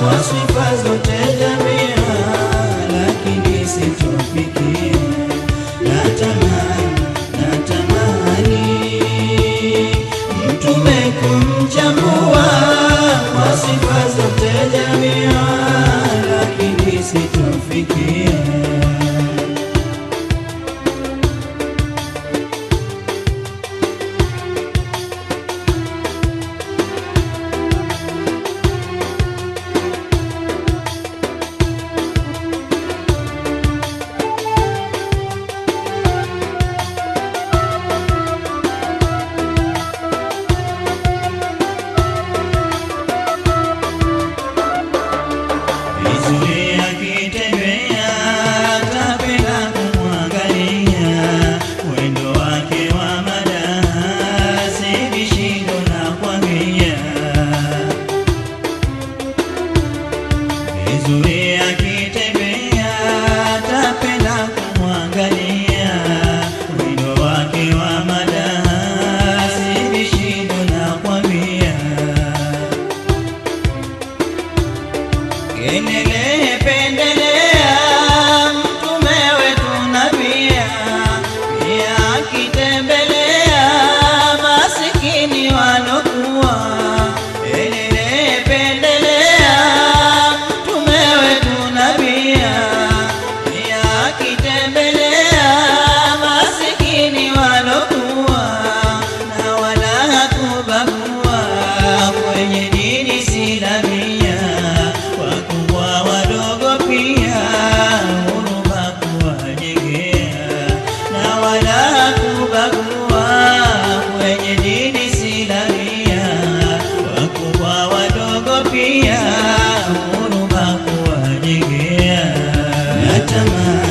Posso se faz, não tem en يا تمام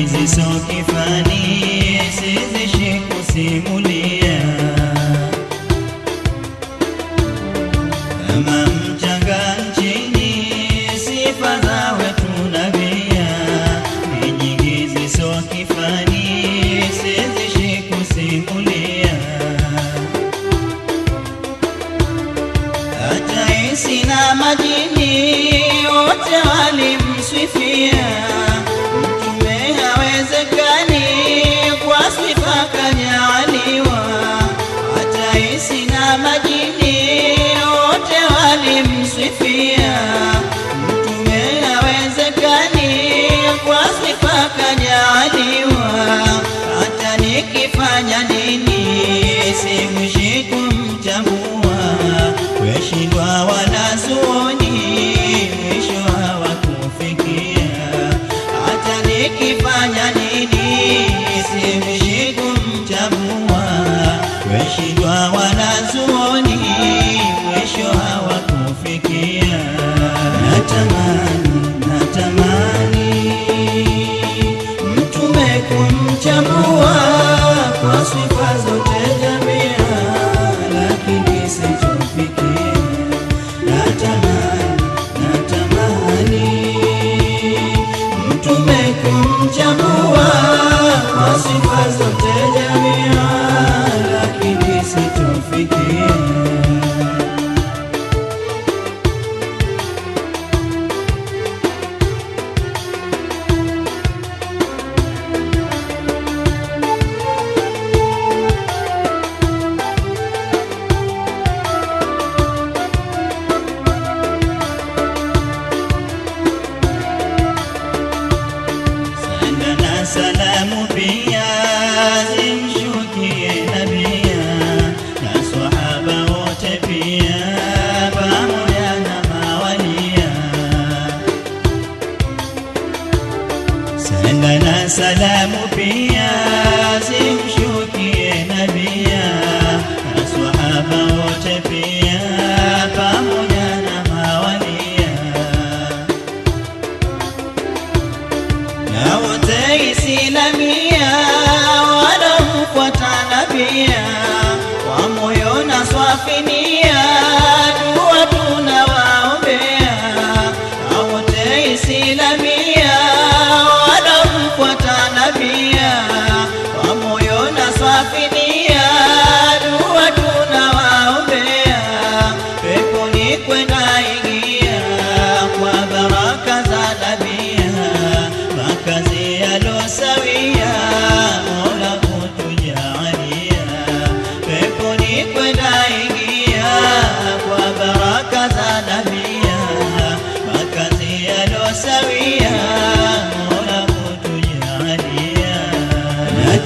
hizi kifani, sizishi kusimulia kama mchanga nchini, sifa za wetu nabia ni nyingi ziso kifani, sizishi kusimulia hata isi na majini wote walimsifia kumsifia mtume awezekani, kwa sifa kajaliwa, hata nikifanya nini ليس لمين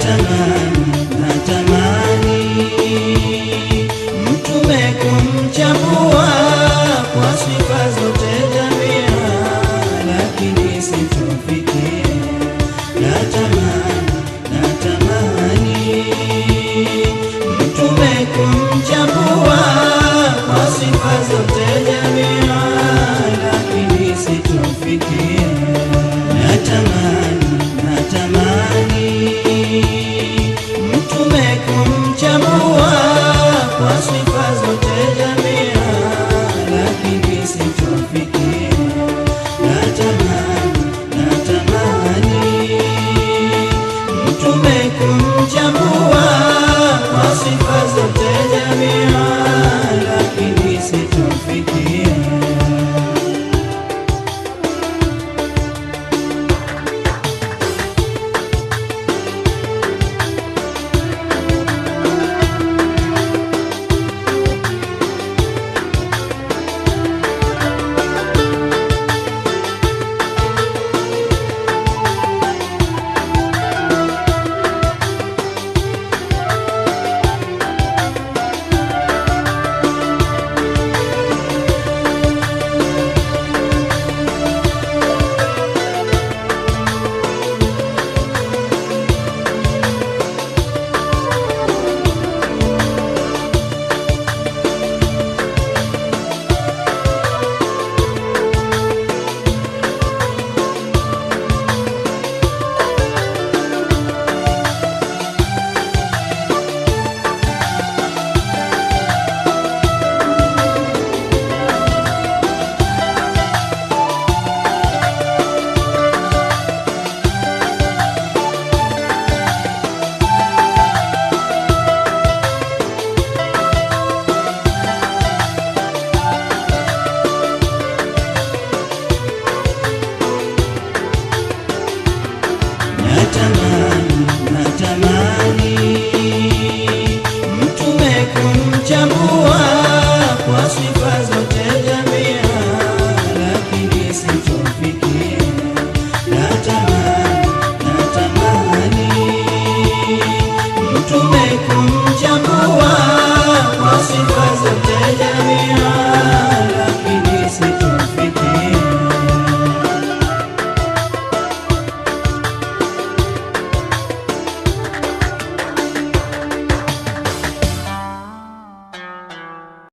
natamani, natamani mtume kumchagua